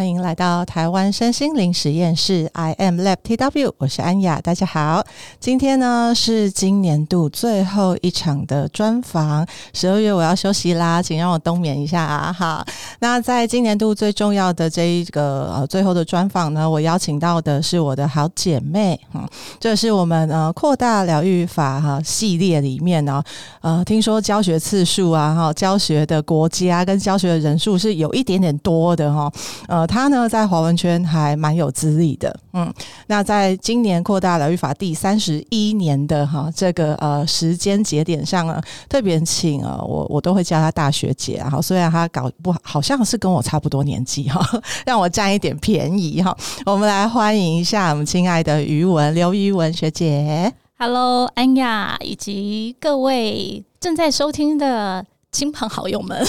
歡迎來到台灣身心靈實驗室，I am Lab TW，我是安雅，大家好。今天呢是今年度最後一場的專訪，十二月我要休息啦，請讓我冬眠一下啊！哈，那在今年度最重要的這一個呃最後的專訪呢，我邀請到的是我的好姐妹，呃、這是我們呃擴大療癒法哈、呃、系列裡面哦、呃，聽說教學次數啊哈、呃，教學的國家跟教學的人數是有一點點多的哈，呃。他呢，在華文圈還蠻有資歷的，嗯，那在今年擴大療癒法第三十一年的哈這個呃時間節點上啊，特別請啊，我我都會叫他大學姐，然後雖然他搞不好，好像是跟我差不多年紀哈，讓我占一點便宜哈。我們來歡迎一下我們親愛的瑜雯劉瑜雯學姐，Hello，安雅以及各位正在收聽的。親朋好友們，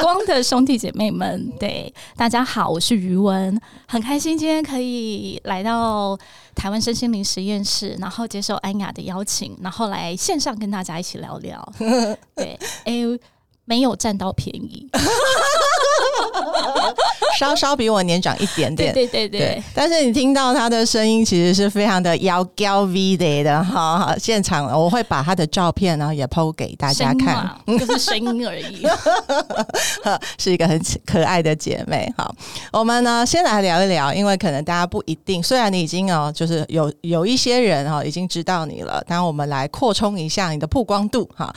光的兄弟姐妹們，對，大家好，我是瑜雯，很開心今天可以來到台灣身心靈實驗室，然後接受安雅的邀請，然後來線上跟大家一起聊聊。 對，哎。沒有佔到便宜， 稍稍比我年長一點點，對對對，對，對但是你聽到她的聲音，其實是非常的妖嬌 v 的哈。現場我會把她的照片呢也 PO 給大家看，啊，就是聲音而已， 是一個很可愛的姐妹。哈， 我們呢先來聊一聊，因為可能大家不一定，雖然你已經哦，就是有有一些人哈，哦、已經知道你了，但我們來擴充一下你的曝光度哈。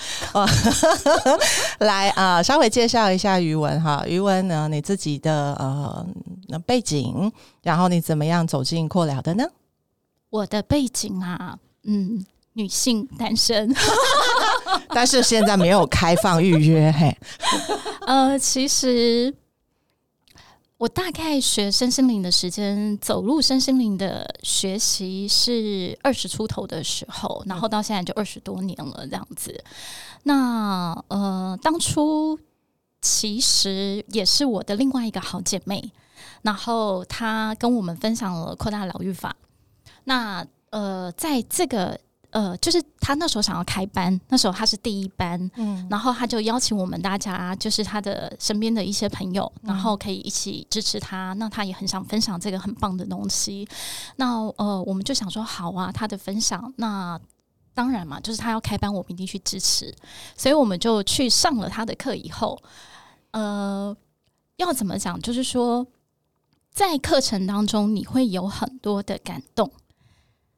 來、啊。 來啊、呃，稍微介紹一下瑜雯哈。瑜雯呢，你自己的呃，背景，然後你怎麼樣走進擴療的呢？我的背景啊，嗯，女性單身， 但是現在沒有開放預約嘿。呃，其實我大概學身心靈的時間，走入身心靈的學習是二十出頭的時候，然後到現在就二十多年了，這樣子。那呃，當初其實也是我的另外一個好姐妹，然後她跟我們分享了擴大療癒法。那呃，在這個呃，就是她那時候想要開班，那時候她是第一班，嗯，然後她就邀請我們大家，就是她的身邊的一些朋友，嗯，然後可以一起支持她。那她也很想分享這個很棒的東西。那呃，我們就想說好啊，她的分享那。當然嘛，就是他要開班，我們一定去支持。所以我們就去上了他的課以後，呃，要怎麼講？就是說，在課程當中，你會有很多的感動，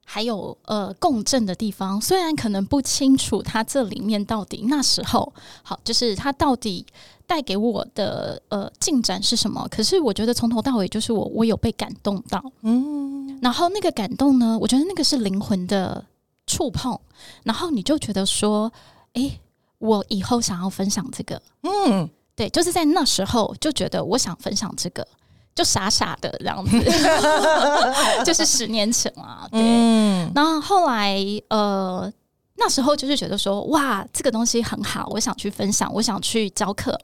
還有呃共振的地方。雖然可能不清楚他這裡面到底那時候好，就是他到底帶給我的呃進展是什麼。可是我覺得從頭到尾，就是我我有被感動到。嗯，然後那個感動呢，我覺得那個是靈魂的觸碰，然後你就覺得說：“哎、欸，我以後想要分享這個。”嗯，對，就是在那時候就覺得我想分享這個，就傻傻的這樣子， 就是十年前嘛。對、嗯、然後後來呃，那時候就是覺得說：“哇，這個東西很好，我想去分享，我想去教課。”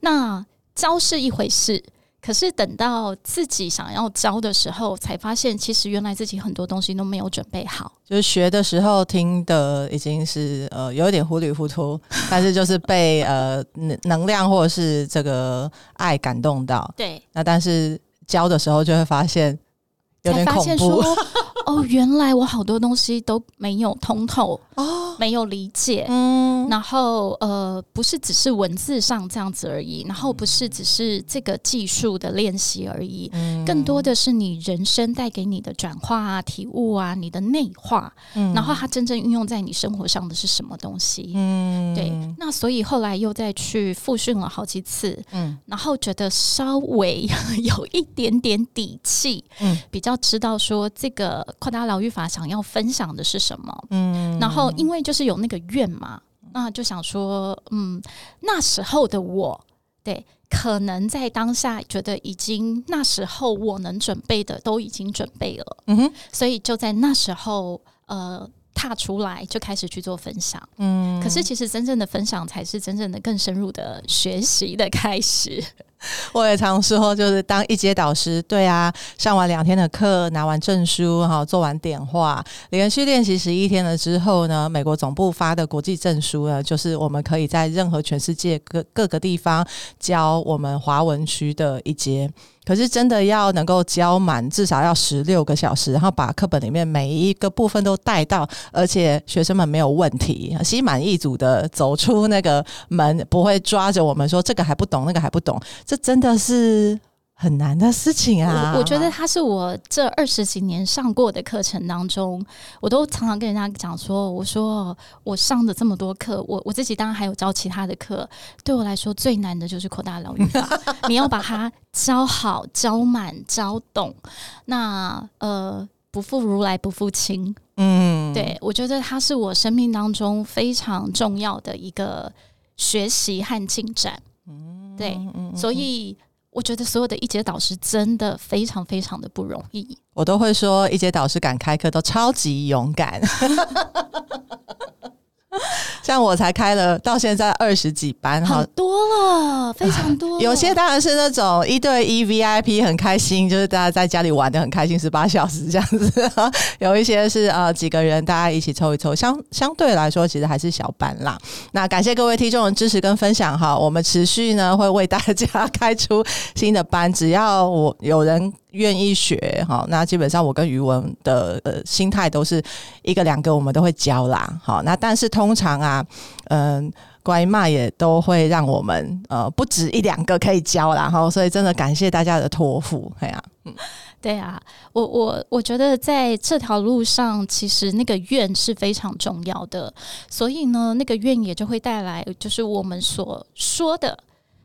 那，教是一回事。可是等到自己想要教的時候，才發現其實原來自己很多東西都沒有準備好。就是學的時候聽的已經是呃有一點糊裡糊塗， 但是就是被呃能能量，或者是這個愛感動到。對。那但是教的時候就會發現。才發現說， 哦，原來我好多東西都沒有通透，哦、沒有理解，嗯，然後呃，不是只是文字上這樣子而已，然後不是只是這個技術的練習而已，嗯，更多的是你人生帶給你的轉化啊、體悟啊、你的內化，嗯，然後它真正運用在你生活上的是什麼東西？嗯，對，那所以後來又再去複訓了好幾次，嗯，然後覺得稍微 有一點點底氣，嗯，比較。要知道說這個擴大療癒法想要分享的是什麼，嗯，然後因為就是有那個願嘛，那就想說，嗯，那時候的我，對，可能在當下覺得已經那時候我能準備的都已經準備了，嗯哼，所以就在那時候，呃，踏出來就開始去做分享，嗯，可是其實真正的分享才是真正的更深入的學習的開始。我也常說，就是當一階導師，對啊，上完兩天的課，拿完證書，哈，做完點化，連續練習十一天了之後呢，美國總部發的國際證書呢，就是我們可以在任何全世界各各個地方教我們華文區的一階。可是真的要能夠教滿，至少要十六個小時，然後把課本裡面每一個部分都帶到，而且學生們沒有問題，心滿意足的走出那個門，不會抓着我們說這個還不懂，那個還不懂，這真的是。很難的事情啊！我，我覺得它是我這二十幾年上過的課程當中，我都常常跟人家講說：“我說我上了這麼多課，我我自己當然還有教其他的課，對我來說最難的就是擴大療癒了。 你要把它教好、教滿、教懂。那呃，不負如來不負卿。嗯，對，我覺得它是我生命當中非常重要的一個學習和進展。嗯，對，所以。我覺得所有的一階導師真的非常非常的不容易，我都會說一階導師敢開課都超級勇敢。 像我才開了到現在二十幾班，很多了，非常多了。啊，有些當然是那種一對一 VIP，很開心，就是大家在家裡玩得很開心，十八小時這樣子。 有一些是呃幾個人大家一起抽一抽，相相對來說其實還是小班啦。那感謝各位聽眾的支持跟分享哈，我們持續呢會為大家開出新的班，只要我有人。願意學哈，那基本上我跟瑜雯的呃心態都是一個兩個，我們都會教啦。好，那但是通常啊，呃，乖罵也都會讓我們呃不止一兩個可以教啦。哈，所以真的感謝大家的托付。嘿呀，嗯，對啊，對啊，我我我覺得在這條路上，其實那個願是非常重要的，所以呢，那個願也就會帶來，就是我們所說的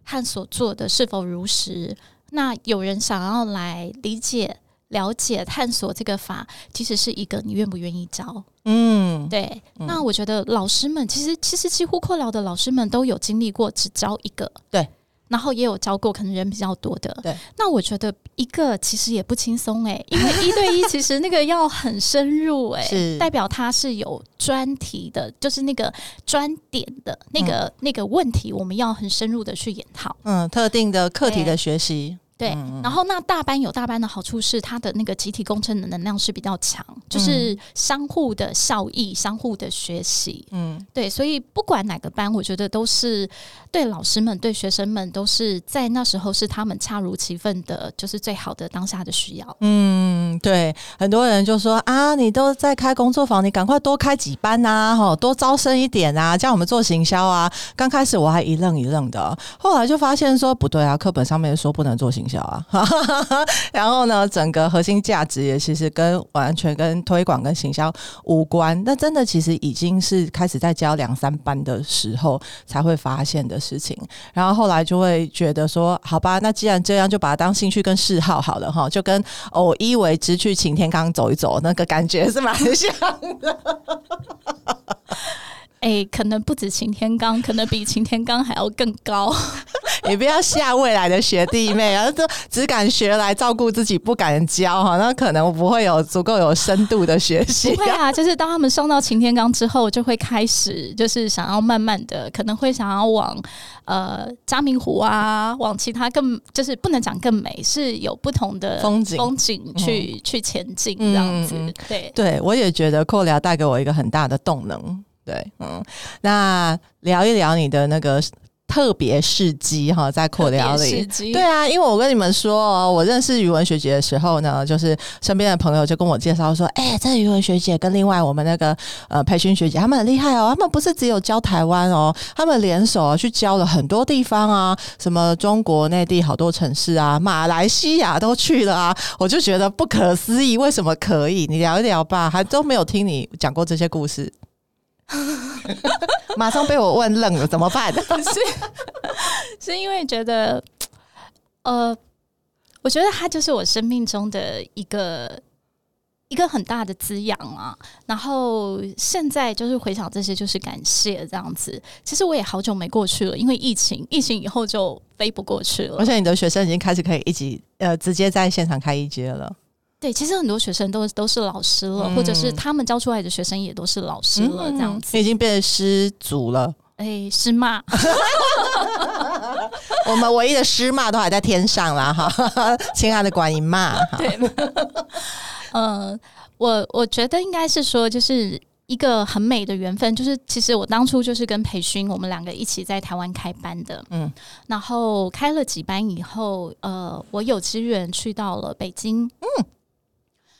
和所做的是否如實。那有人想要來理解、了解、探索這個法，其實是一個你願不願意教？嗯，對。嗯、那我覺得老師們其實，其實幾乎擴療的老師們都有經歷過只教一個，對。然後也有教過可能人比較多的，對。那我覺得一個其實也不輕鬆誒，因為一對一其實那個要很深入是、欸、 代表他是有專題的，就是那個專點的那個、嗯、那個問題，我們要很深入的去研討。嗯，特定的課題的學習。欸對，然後那大班有大班的好處是，它的那個集體工程的能量是比較強，就是相互的效益、相互的學習。嗯，對，所以不管哪個班，我覺得都是對老師們、對學生們都是在那時候是他們恰如其分的，就是最好的當下的需要。嗯，對，很多人就說啊，你都在開工作坊，你趕快多開幾班啊，吼，多招生一點啊，叫我們做行銷啊。剛開始我還一愣一愣的，後來就發現說不對啊，課本上面說不能做行。 然後呢，整個核心價值也其實跟完全跟推廣跟行銷無關。那真的其實已經是開始在教兩三班的時候才會發現的事情。然後後來就會覺得說，好吧，那既然這樣，就把它當興趣跟嗜好好了哈，就跟偶、哦、一為之去擎天崗走一走，那個感覺是蠻像的。 欸、可能不止擎天崗，可能比擎天崗還要更高。 也不要嚇未來的學弟妹啊， 只敢學來照顧自己，不敢教，哈，那可能我不會有足夠有深度的學習、啊。不會啊，就是當他們上到擎天崗之後，就會開始就是想要慢慢的，可能會想要往呃嘉明湖啊，往其他更就是不能講更美，是有不同的風景、風景去、嗯、去前進這樣子。嗯嗯嗯對對，我也覺得擴療帶給我一個很大的動能。對，嗯，那聊一聊你的那個特別事蹟哈，在擴療裡特別是雞。對啊，因為我跟你們說哦，我認識瑜雯學姐的時候呢，就是身邊的朋友就跟我介紹說，哎、欸，這瑜雯學姐跟另外我們那個呃培訓學姐，他們很厲害哦，他們不是只有教台灣哦，他們聯手、啊、去教了很多地方啊，什麼中國內地好多城市啊，馬來西亞都去了啊，我就覺得不可思議，為什麼可以？你聊一聊吧，還都沒有聽你講過這些故事。 馬上被我問愣了，怎麼辦？是 是因為覺得，呃，我覺得他就是我生命中的一個一個很大的滋養啊。然後現在就是回想這些，就是感謝這樣子。其實我也好久沒過去了，因為疫情，疫情以後就飛不過去了。而且你的學生已經開始可以一起，呃，直接在現場開一階了。對，其實很多學生都都是老師了，嗯、或者是他們教出來的學生也都是老師了，嗯、這樣子已經變成師祖了。哎，師媽，我們唯一的師媽都還在天上啦，哈！ 親愛的觀音媽， 好對，嗯、呃，我我覺得應該是說，就是一個很美的緣分，就是其實我當初就是跟培勳我們兩個一起在台灣開班的，嗯，然後開了幾班以後，呃，我有機緣去到了北京，嗯。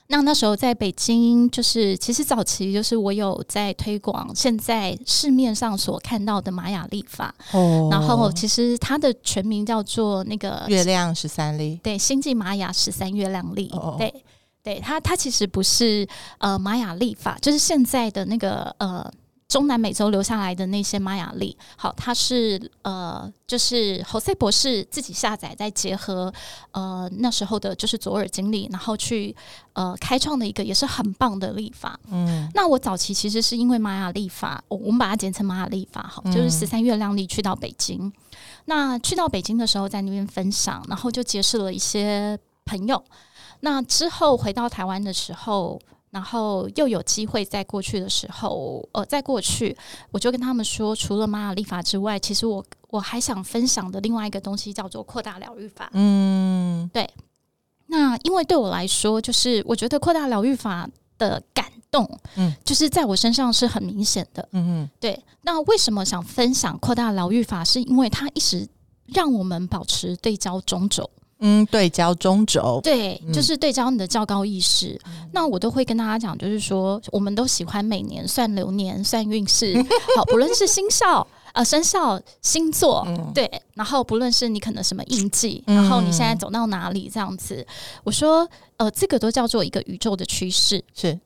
那那時候在北京，就是其實早期就是我有在推廣，現在市面上所看到的瑪雅曆法，哦、然後其實它的全名叫做那個月亮十三曆，對，星際瑪雅十三月亮曆，哦、對，對，它它其實不是呃瑪雅曆法，就是現在的那個呃。中南美洲留下來的那些瑪雅曆，好，它是呃，就是荷西博士自己下載，再結合呃那時候的，就是卓爾金曆，然後去呃開創的一個也是很棒的曆法。嗯，那我早期其實是因為瑪雅曆法，我們把它簡稱瑪雅曆法，好，就是十三月亮曆。去到北京，嗯、那去到北京的時候，在那邊分享，然後就結識了一些朋友。那之後回到台灣的時候。然後又有機會在過去的時候，呃，在過去我就跟他們說，除了瑪雅曆法之外，其實我我還想分享的另外一個東西叫做擴大療癒法。嗯，對。那因為對我來說，就是我覺得擴大療癒法的感動，嗯，就是在我身上是很明顯的。嗯嗯哼，對。那為什麼想分享擴大療癒法，是因為它一直讓我們保持對焦中軸。嗯，對焦中軸，對，就是對焦你的較高意識。嗯、那我都會跟大家講，就是說，我們都喜歡每年算流年、算運勢，好，不論是星肖 呃，生肖星座，嗯、對，然後不論是你可能什麼印記，然後你現在走到哪裡這樣子，嗯、我說，呃，這個都叫做一個宇宙的趨勢，是。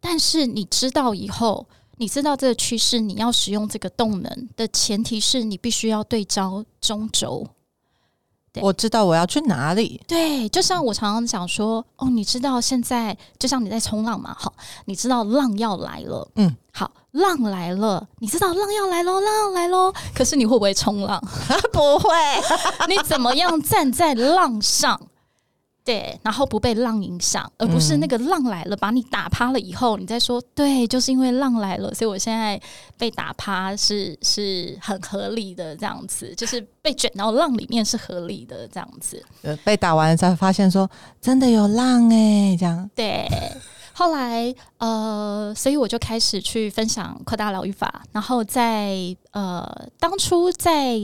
但是你知道以後，你知道這個趨勢，你要使用這個動能的前提是你必須要對焦中軸。對我知道我要去哪裡。對，就像我常常講說，哦，你知道現在就像你在衝浪嘛？好，你知道浪要來了。嗯，好，浪來了，你知道浪要來嘍，浪要來嘍。可是你會不會衝浪？ 不會。 你怎麼樣站在浪上？對，然後不被浪影響，而不是那個浪來了、嗯、把你打趴了以後，你再說對，就是因為浪來了，所以我現在被打趴是是很合理的這樣子，就是被卷到浪裡面是合理的這樣子。呃，被打完才發現說真的有浪哎、欸，這樣。對，後來呃，所以我就開始去分享擴大療癒法，然後在呃當初在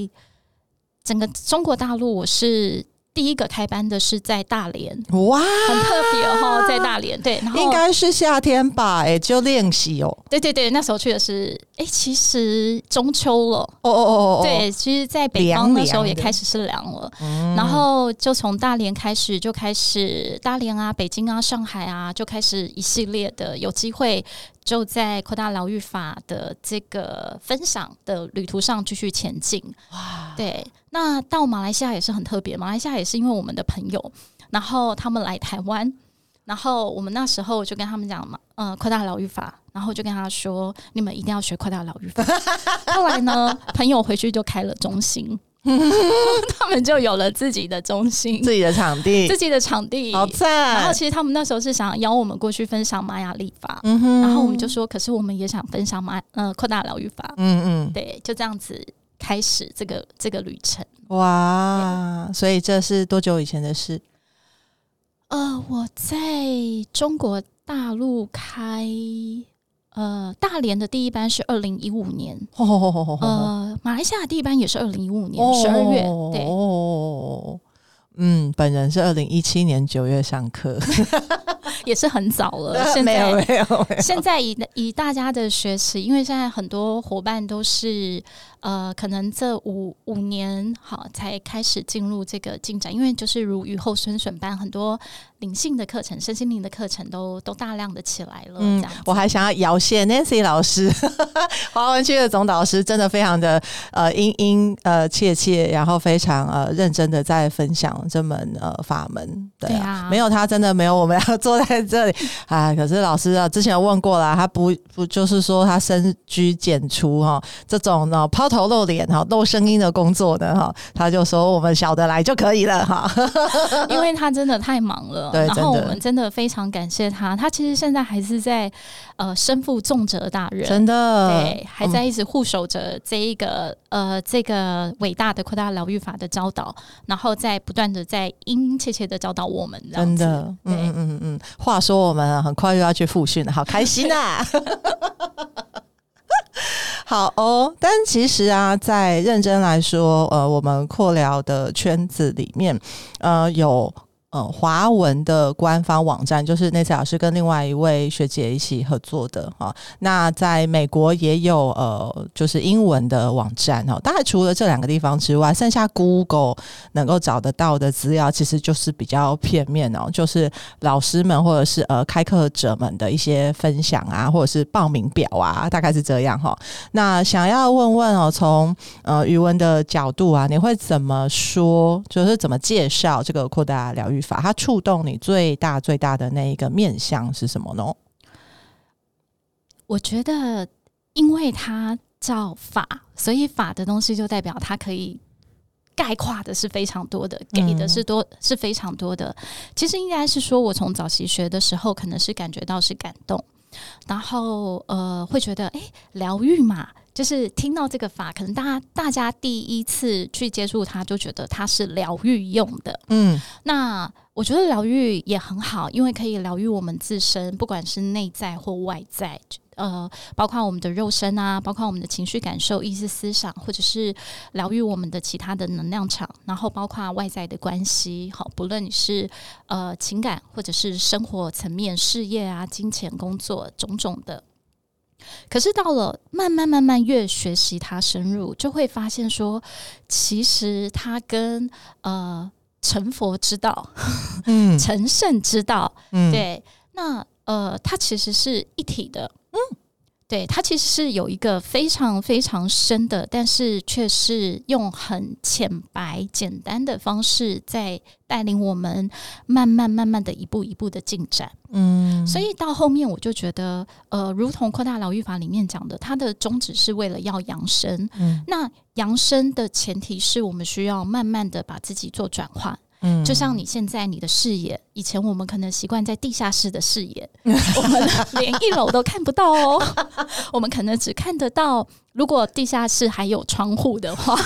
整個中國大陸我是。第一個開班的是在大連，哇，很特別哈，在大連，對，然後應該是夏天吧，哎，就練習哦，對對對，那時候去的是，哎、欸，其實中秋了，哦，哦哦哦，哦，對，其實在北方那時候也開始是涼了，涼涼，然後就從大連開始就開始，大連啊，北京啊，上海啊，就開始一系列的有機會。就在擴大療癒法的這個分享的旅途上繼續前進哇！對，那到馬來西亞也是很特別，馬來西亞也是因為我們的朋友，然後他們來台灣，然後我們那時候就跟他們講嘛，呃，擴大療癒法，然後就跟他說，你們一定要學擴大療癒法。 後來呢，朋友回去就開了中心。 他們就有了自己的中心，自己的場地， 自己的場地，好讚彩。然後其實他們那時候是想邀我們過去分享瑪雅曆法，嗯、哼然後我們就說，可是我們也想分享瑪嗯擴大療癒法，嗯嗯，對，就這樣子開始這個這個旅程。哇，Yeah. 所以這是多久以前的事？呃，我在中國大陸開。呃，大連的第一班是二零一五年，呃，馬來西亞第一班也是二零一五年十二月，對。嗯，本人是二零一七年九月上課，也是很早了。沒有，現在以以大家的學習，因為現在很多夥伴都是呃，可能這五五年好才開始進入這個進展，因為就是如雨後春筍般很多。靈性的課程、身心靈的課程都都大量的起來了。嗯，我還想要搖謝 Nancy 老師，華 文區的總導師，真的非常的呃殷殷呃切切，然後非常呃認真的在分享這門呃法門。對啊，對啊沒有他，真的沒有我們要坐在這裡啊。可是老師啊，之前問過了、啊，他不不就是說他深居簡出哈、哦，這種呢拋頭露臉哈、露聲音的工作呢哈、哦，他就說我們小的來就可以了哈，哦、 因為他真的太忙了。對，然後我們真的非常感謝他。他其實現在還是在呃身負重責大任，真的對，還在一直護守着這一個、嗯、呃這個偉大的擴大療癒法的教導，然後在不斷的在殷殷切切的教導我們。真的，對嗯嗯嗯。嗯。話說我們很快又要去復訓了，好開心啊！ 好哦，但其實啊，在認真來說，呃，我們擴療的圈子裡面，呃有。呃，華文的官方網站就是那次老師跟另外一位學姐一起合作的哈、哦。那在美國也有呃，就是英文的網站哦。大概除了這兩個地方之外，剩下 Google 能夠找得到的資料，其實就是比較片面哦，就是老師們或者是呃開課者們的一些分享啊，或者是報名表啊，大概是這樣哈、哦。那想要問問哦，從呃瑜雯的角度啊，你會怎麼說？就是怎麼介紹這個擴大療癒？法，它觸動你最大最大的那一個面向是什麼呢？我覺得，因為它叫法，所以法的東西就代表它可以概括的是非常多的，給的是多、嗯、是非常多的。其實應該是說，我從早期學的時候，可能是感覺到是感動，然後呃，會覺得哎，療癒嘛。就是聽到這個法，可能大家大家第一次去接觸它，就覺得它是療癒用的。嗯，那我覺得療癒也很好，因為可以療癒我們自身，不管是內在或外在，呃，包括我們的肉身啊，包括我們的情緒感受、意識思想，或者是療癒我們的其他的能量場，然後包括外在的關係，好，不論你是呃情感或者是生活層面、事業啊、金錢、工作種種的。可是到了慢慢慢慢越學習它深入，就會發現說，其實它跟呃成佛之道，嗯，成聖之道，嗯，對，那呃，它其實是一體的，嗯。對，它其實是有一個非常非常深的，但是卻是用很淺白、簡單的方式在帶領我們慢慢慢慢的一步一步的進展。嗯，所以到後面我就覺得，呃，如同擴大療癒法裡面講的，它的宗旨是為了要揚升，嗯，那揚升的前提是我們需要慢慢的把自己做轉化。就像你現在你的視野，以前我們可能習慣在地下室的視野，我們連一樓都看不到哦。 我們可能只看得到，如果地下室還有窗戶的話，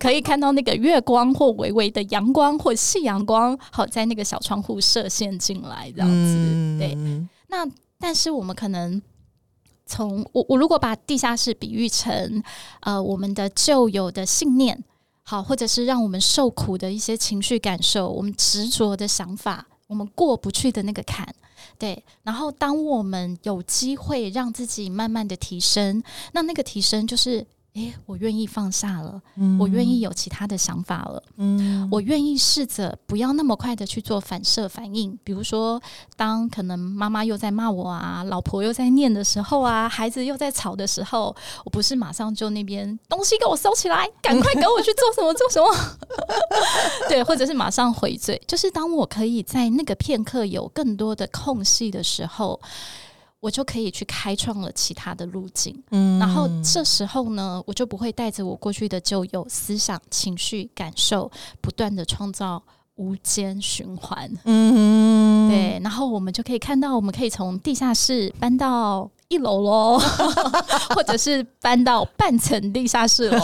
可以看到那個月光或微微的陽光或夕陽光，好在那個小窗戶射線進來這樣子。嗯、對，那但是我們可能從我我如果把地下室比喻成呃我們的舊有的信念。好，或者是讓我們受苦的一些情緒感受，我們執着的想法，我們過不去的那個坎，對。然後，當我們有機會讓自己慢慢的提升，那那個提升就是。誒、欸，我願意放下了，嗯、我願意有其他的想法了，嗯、我願意試着不要那麼快的去做反射反應。比如說，當可能媽媽又在罵我啊，老婆又在念的時候啊，孩子又在吵的時候，我不是馬上就那邊東西給我收起來，趕快給我去做什麼做什麼， 對，或者是馬上回嘴。就是當我可以在那個片刻有更多的空隙的時候，我就可以去開創了其他的路徑，嗯，然後這時候呢，我就不會帶着我過去的舊有思想、情緒、感受，不斷的創造無間循環，嗯哼，對，然後我們就可以看到，我們可以從地下室搬到一樓嘍， 或者是搬到半層地下室嘍，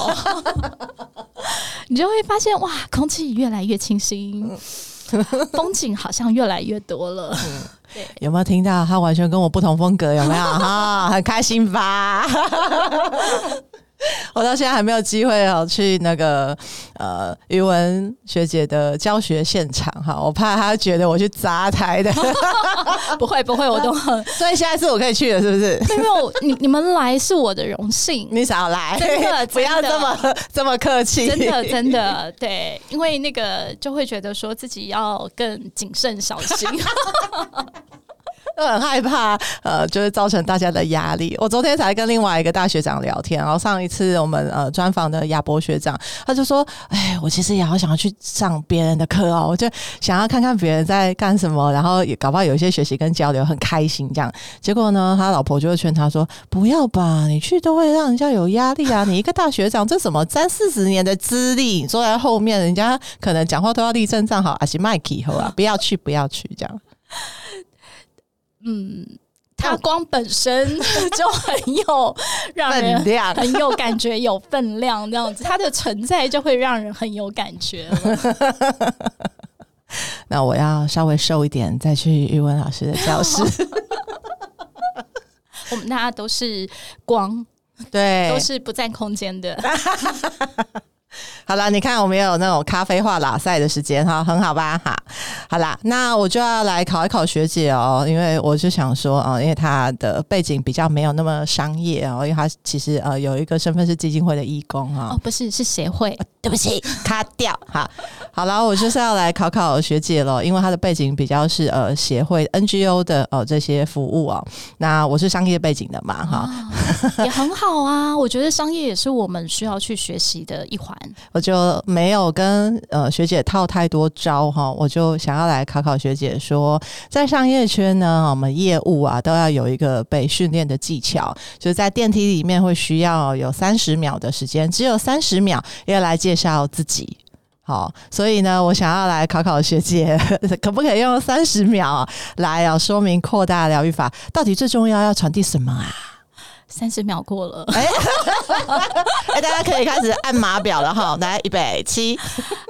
你就會發現，哇，空氣越來越清新。嗯 風景好像越來越多了，嗯、對。有沒有聽到？他完全跟我不同風格，有沒有？哈，很開心吧。 我到現在還沒有機會哦，去那個呃，瑜雯學姐的教學現場哈，我怕她覺得我去砸台的。 不會不會，我都很所以，下一次我可以去了，是不是？因為我你你們來是我的榮幸。你少來，真，真不要這麼 這麼客氣。真的真的對，因為那個就會覺得說自己要更謹慎小心。 就很害怕，呃，就會造成大家的壓力。我昨天才跟另外一個大學長聊天，然後上一次我們呃專訪的亞博學長，他就說：“哎，我其實也好想要去上別人的課哦，我就想要看看別人在幹什麼，然後也搞不好有一些學習跟交流很開心這樣。結果呢，他老婆就會勸他說：‘不要吧，你去都會讓人家有壓力啊！ 你一個大學長，這什麼三四十年的資歷，你坐在後面，人家可能講話都要立正站好，好啊！是 Mike 好吧？不要去，不要去這樣。” 嗯，它光本身就很有讓人很有感覺，有分量這樣子，它的存在就會讓人很有感覺。 那我要稍微瘦一點再去瑜雯老師的教室。好 我們大家都是光，對，都是不佔空間的。 好了，你看我們也有那種咖啡話喇賽的時間哈，很好吧哈。好啦，那我就要來考一考學姐哦，因為我就想說哦、呃，因為她的背景比較沒有那麼商業哦，因為她其實呃有一個身份是基金會的義工哈。哦，哦，不是是協會，啊、對不起，卡掉哈 。好了，我就是要來考考學姐咯，因為她的背景比較是呃協會 NGO 的哦、呃、這些服務哦。那我是商業背景的嘛哈，哦啊、 也很好啊，我覺得商業也是我們需要去學習的一環。我就沒有跟呃學姐套太多招哈，我就想要來考考學姐說，在商業圈呢，我們業務啊都要有一個被訓練的技巧，就是在電梯裡面會需要有三十秒的時間，只有三十秒要來介紹自己。好，所以呢，我想要來考考學姐，可不可以用三十秒來要說明擴大療癒法到底最重要要傳遞什麼啊？三十秒過了，欸，哎， 欸，大家可以開始按碼表了哈。來，預備起，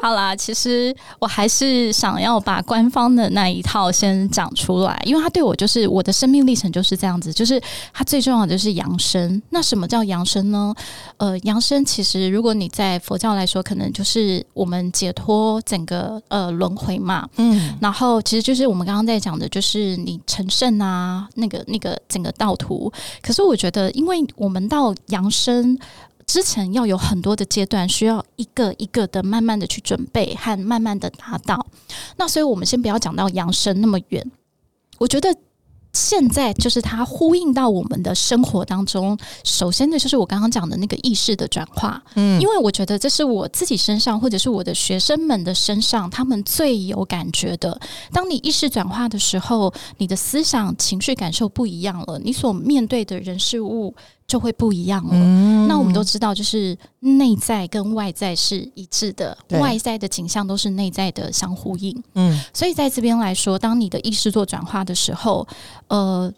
好啦。其實我還是想要把官方的那一套先講出來，因為他對我就是我的生命歷程就是這樣子，就是他最重要的就是揚升。那什麼叫揚升呢？呃，揚升其實如果你在佛教來說，可能就是我們解脫整個呃輪迴嘛。嗯，然後其實就是我們剛剛在講的就是你成聖啊，那個那個整個道途。可是我覺得。因為我們到揚升之前，要有很多的階段，需要一個一個的慢慢的去準備和慢慢的達到。那所以我們先不要講到揚升那麼遠，我覺得。現在就是它呼應到我們的生活當中，首先呢就是我剛剛講的那個意識的轉化，嗯，因為我覺得這是我自己身上，或者是我的學生們的身上，他們最有感覺的。當你意識轉化的時候，你的思想、情緒、感受不一樣了，你所面對的人事物。就會不一樣了。嗯、那我們都知道，就是內在跟外在是一致的，對外在的景象都是內在的相呼應。嗯，所以在這邊來說，當你的意識做轉化的時候，呃，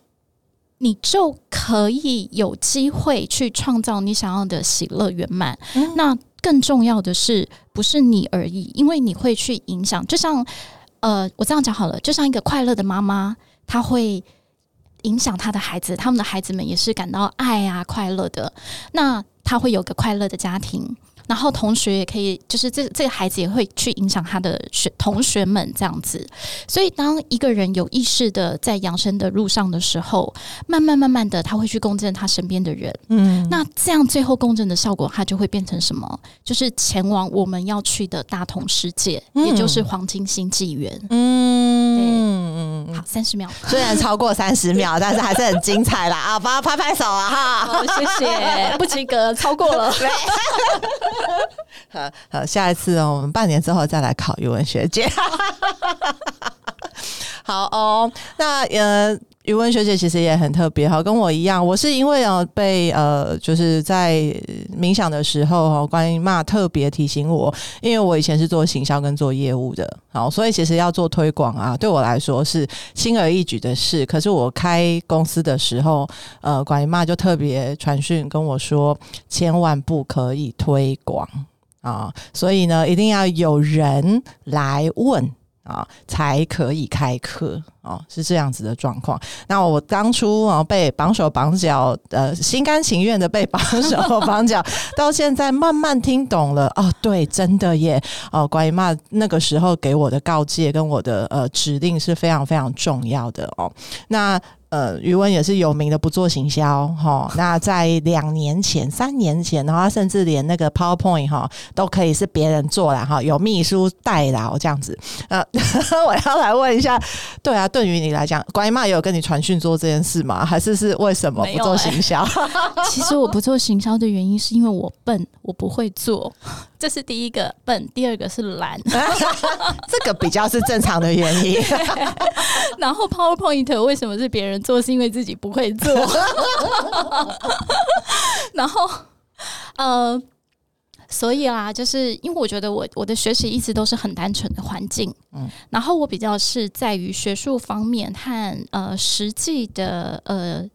你就可以有機會去創造你想要的喜樂圓滿。嗯、那更重要的是，不是你而已，因為你會去影響。就像呃，我這樣講好了，就像一個快樂的媽媽，她會。影響他的孩子，他們的孩子們也是感到愛啊、快樂的。那他會有個快樂的家庭，然後同學也可以，就是這這個孩子也會去影響他的學同學們這樣子。所以，當一個人有意識的在養生的路上的時候，慢慢慢慢的，他會去共振他身邊的人。嗯，那這樣最後共振的效果，他就會變成什麼？就是前往我們要去的大同世界，嗯、也就是黃金新紀元。嗯嗯嗯。好，三十好秒。雖然超過三十秒， 但是還是很精彩啦！啊，幫他拍拍手啊！哈、哦，謝謝，不及格，超過了。 對好好，下一次我們半年之後再來考語文學姐。哦 好哦，那呃。瑜雯學姐其實也很特別，哈，跟我一樣，我是因為啊被呃，就是在冥想的時候哈，觀音媽特別提醒我，因為我以前是做行銷跟做業務的，好、哦，所以其實要做推廣啊，對我來說是輕而易舉的事。可是我開公司的時候，呃，觀音媽就特別傳訊跟我說，千萬不可以推廣啊、哦，所以呢，一定要有人來問啊、哦，才可以開課。哦，是這樣子的狀況。那我當初哦，被綁手綁腳，呃，心甘情願的被綁手綁腳， 到現在慢慢聽懂了。哦，對，真的耶。哦，關於嘛，那個時候給我的告誡跟我的呃指令是非常非常重要的哦。那呃，瑜雯也是有名的不做行銷哈、哦。那在兩年前、三年前，然後甚至連那個 PowerPoint 哈、哦、都可以是別人做了哈、哦，有秘書代勞、哦、這樣子。呃， 我要來問一下，對啊。對於你來講，乖媽也有跟你傳訊做這件事嗎？還是是為什麼不做行銷？欸、 其實我不做行銷的原因是因為我笨，我不會做，這是第一個笨；第二個是懶， 這個比較是正常的原因。 然後 PowerPoint 為什麼是別人做，是因為自己不會做。 然後，嗯、呃所以啊，就是因為我覺得我我的學習一直都是很單純的環境，嗯，然後我比較是在於學術方面和呃實際的呃。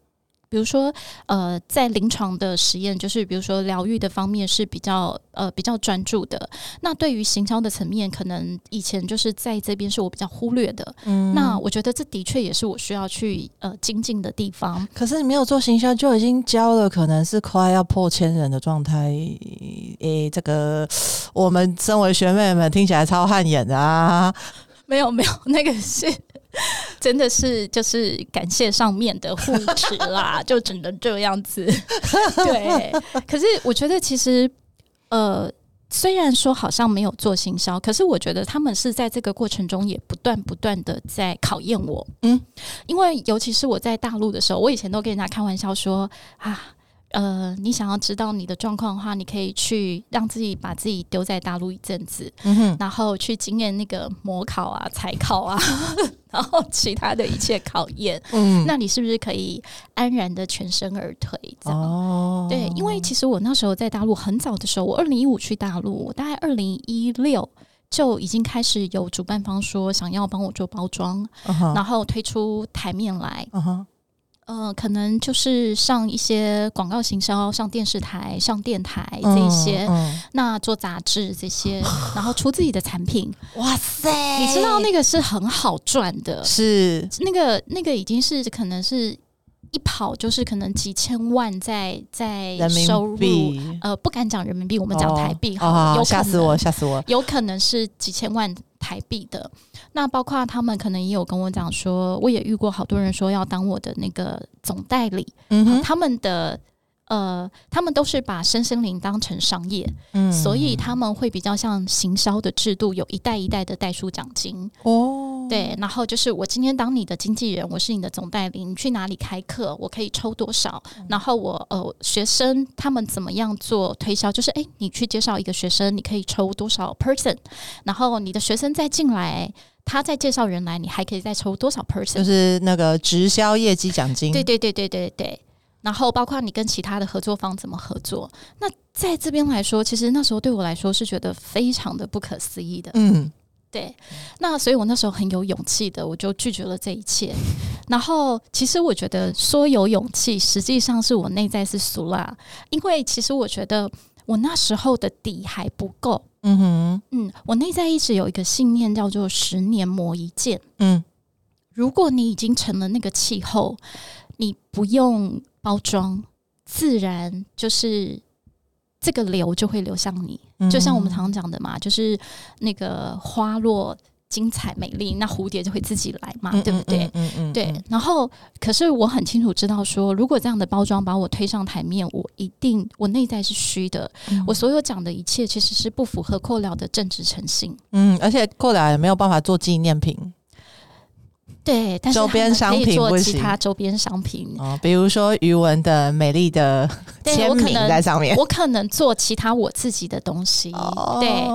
比如說，呃，在臨床的實驗，就是比如說療癒的方面是比較呃比較專注的。那對於行銷的層面，可能以前就是在這邊是我比較忽略的。嗯，那我覺得這的確也是我需要去呃精進的地方。可是你沒有做行銷就已經教了，可能是快要破千人的狀態。誒、欸，這個我們身為學妹們聽起來超汗顏的啊！沒有沒有，那個是。真的是，就是感謝上面的護持啦， 就只能這樣子。 對，可是我覺得其實，呃，雖然說好像沒有做行銷，可是我覺得他們是在這個過程中也不斷不斷的在考驗我。嗯，因為尤其是我在大陸的時候，我以前都跟人家開玩笑說啊。呃，你想要知道你的狀況的話，你可以去讓自己把自己丟在大陸一陣子，嗯、哼然後去經驗那個魔考啊、財考啊， 然後其他的一切考驗。嗯、那你是不是可以安然的全身而退？這樣、哦、對，因為其實我那時候在大陸很早的時候，我二零一五去大陸，我大概二零一六就已經開始有主辦方說想要幫我做包裝，嗯、哼然後推出台面來。嗯呃，可能就是上一些廣告行銷，上電視台、上電台這些，嗯嗯、那做雜誌這些，然後出自己的產品。哇塞，你知道那個是很好賺的，是那個那個已經是可能是一跑就是可能幾千萬在在收入，呃，不敢講人民幣，我們講台幣哈，哦、好嚇死我，嚇死我，有可能是幾千萬台幣的。那包括他們可能也有跟我講說，我也遇過好多人說要當我的那個總代理，嗯、哼他們的呃，他們都是把身心靈當成商業，嗯、哼所以他們會比較像行銷的制度，有一代一代的代數獎金哦。對，然後就是我今天當你的經紀人，我是你的總代理，你去哪裡開課，我可以抽多少？然後我呃，學生他們怎麼樣做推銷？就是哎、欸，你去介紹一個學生，你可以抽多少 person？然後你的學生再進來。他在介紹人來，你還可以再抽多少 person？就是那個直銷業績獎金。對對對對對對，對。然後包括你跟其他的合作方怎麼合作？那在這邊來說，其實那時候對我來說是覺得非常的不可思議的。嗯，對。那所以我那時候很有勇氣的，我就拒絕了這一切。然後其實我覺得說有勇氣，實際上是我內在是俗辣，因為其實我覺得我那時候的底還不夠。嗯哼，嗯，我內在一直有一個信念叫做“十年磨一劍”。嗯，如果你已經成了那個氣候，你不用包裝，自然就是這個流就會流向你。就像我們常常講的嘛，就是那個花落。精彩美麗，那蝴蝶就會自己來嘛，嗯、對不對？嗯嗯嗯、對，然後可是我很清楚知道說，如果這樣的包裝把我推上台面，我一定我內在是虛的，嗯、我所有講的一切其實是不符合擴療的正直誠信。嗯，而且擴療也沒有辦法做紀念品。對，但是他可以做其他周邊商，商品不行，其他周邊商品哦，比如說瑜雯的美麗的簽名在上面。對，我可，能我可能做其他我自己的東西。哦、對，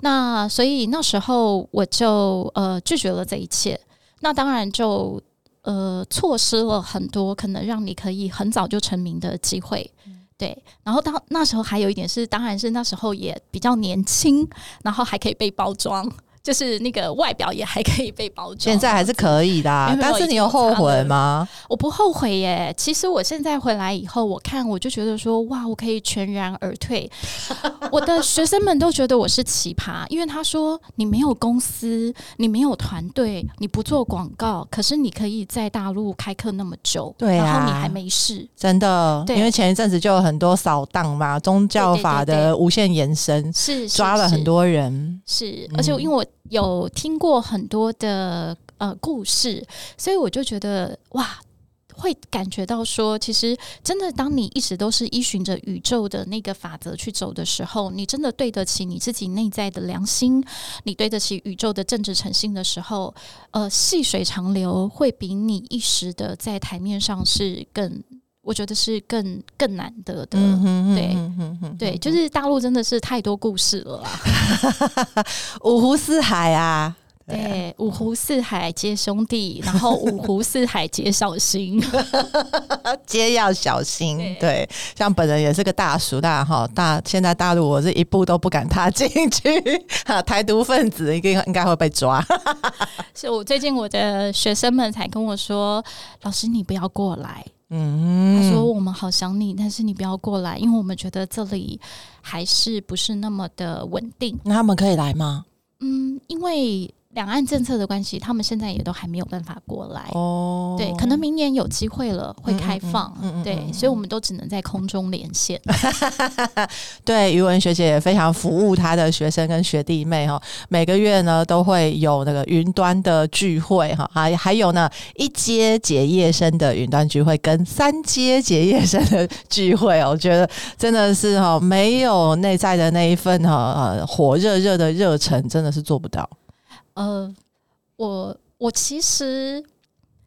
那所以那時候我就呃拒絕了這一切，那當然就呃錯失了很多可能讓你可以很早就成名的機會。嗯、對，然後當那時候還有一點是，當然是那時候也比較年輕，然後還可以被包裝。就是那個外表也還可以被包裝，現在還是可以的啊。但是你有後悔嗎？我不後悔耶。其實我現在回來以後，我看我就覺得說，哇，我可以全然而退。 我的學生們都覺得我是奇葩，因為他說你沒有公司，你沒有團隊，你不做廣告，可是你可以在大陸開課那麼久，對啊，然後你還沒事，真的。對因為前一陣子就有很多掃蕩嘛，宗教法的無限延伸是抓了很多人，是，而且因為我。有聽過很多的呃故事，所以我就覺得哇，會感覺到說，其實真的，當你一直都是依循着宇宙的那個法則去走的時候，你真的對得起你自己內在的良心，你對得起宇宙的正直誠信的時候，呃，細水長流會比你一時的在台面上是更。我覺得是更更難得的，嗯、哼哼對、嗯、哼哼哼哼對，就是大陸真的是太多故事了啦，五湖四海啊，對，啊對，五湖四海皆兄弟，然後五湖四海皆小心，皆 要小心。對，對，像本人也是個大叔大哈大，現在大陸我是一步都不敢踏進去，哈， 台獨分子一定應該會被抓。 是我最近我的學生們才跟我說，老師你不要過來。嗯，他說我們好想你，但是你不要過來，因為我們覺得這裡還是不是那麼的穩定。那他們可以來嗎？嗯，因為。兩岸政策的關係，他們現在也都還沒有辦法過來。哦，oh, 對，可能明年有機會了，會開放。嗯嗯，嗯嗯嗯，對，所以我們都只能在空中連線。 對，瑜雯學姐也非常服務她的學生跟學弟妹哈，每個月呢都會有那個雲端的聚會哈，還還有呢一階結業生的雲端聚會跟三階結業生的聚會，我覺得真的是哈沒有內在的那一份哈呃火熱熱的熱忱，真的是做不到。呃，我我其實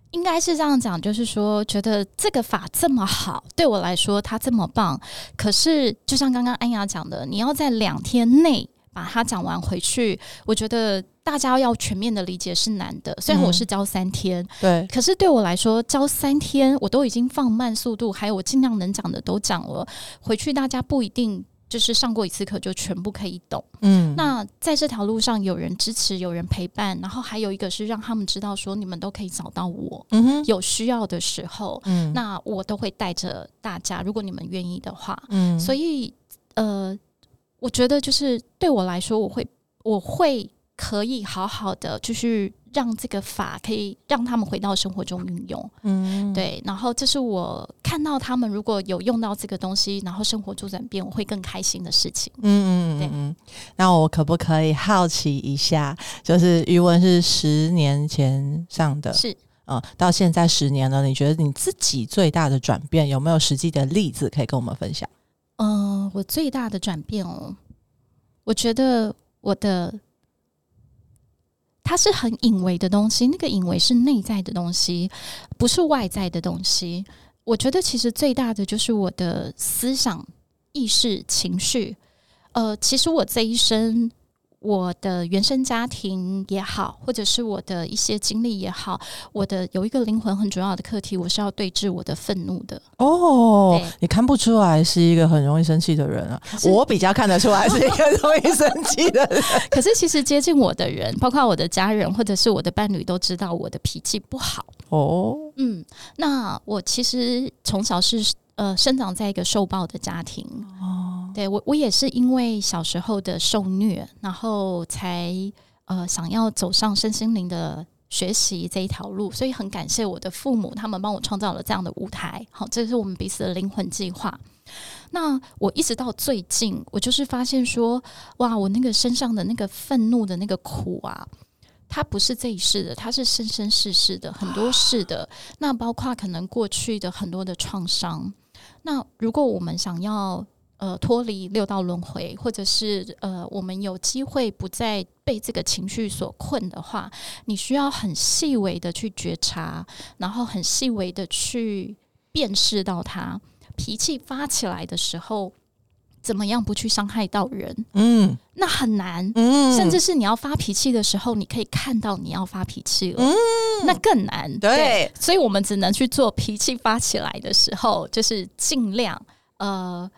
應該是這樣講，就是說，覺得這個法這麼好，對我來說它這麼棒。可是，就像剛剛安雅講的，你要在兩天內把它講完回去，我覺得大家要全面的理解是難的。雖然我是教三天，對，嗯、可是對我來說教三天，我都已經放慢速度，還有我盡量能講的都講了，回去大家不一定。就是上過一次課就全部可以懂，嗯。那在這條路上有人支持，有人陪伴，然後還有一個是讓他們知道說你們都可以找到我，嗯哼。有需要的時候，嗯，那我都會帶着大家。如果你們願意的話，嗯。所以，呃，我覺得就是對我來說，我會我會可以好好的，就是。讓這個法可以讓他們回到生活中運用，嗯，對。然後這是我看到他們如果有用到這個東西，然後生活中轉變，我會更開心的事情。嗯嗯嗯，對嗯。那我可不可以好奇一下，就是瑜雯是十年前上的，是嗯，到現在十年了，你覺得你自己最大的轉變有沒有實際的例子可以跟我們分享？嗯、呃，我最大的轉變哦，我覺得我的。它是很隱微的東西，那個隱微是內在的東西，不是外在的東西。我覺得其實最大的就是我的思想、意識、情緒。呃，其實我這一生。我的原生家庭也好，或者是我的一些經歷也好，我的有一個靈魂很主要的課題，我是要對峙我的憤怒的。哦、oh, 對，你看不出來是一個很容易生氣的人啊，可是 我比較看得出來是一個容易生氣的人。 可是其實接近我的人，包括我的家人或者是我的伴侶，都知道我的脾氣不好。哦，oh. 嗯，那我其實從小是呃生長在一個受暴的家庭。哦。Oh. 對，我我也是因為小時候的受虐，然後才呃想要走上身心靈的學習這一條路，所以很感謝我的父母，他們幫我創造了這樣的舞台。好，這是我們彼此的靈魂計劃。那我一直到最近，我就是發現說，哇，我那個身上的那個憤怒的那個苦啊，它不是這一世的，它是生生世世的，很多世的。那包括可能過去的很多的創傷。那如果我們想要呃，脫離六道輪迴，或者是呃，我們有機會不再被這個情緒所困的話，你需要很細微的去覺察，然後很細微的去辨識到它。脾氣發起來的時候，怎麼樣不去傷害到人？嗯，那很難。嗯，甚至是你要發脾氣的時候，你可以看到你要發脾氣了。嗯，那更難。對，對，所以我們只能去做。脾氣發起來的時候，就是盡量呃。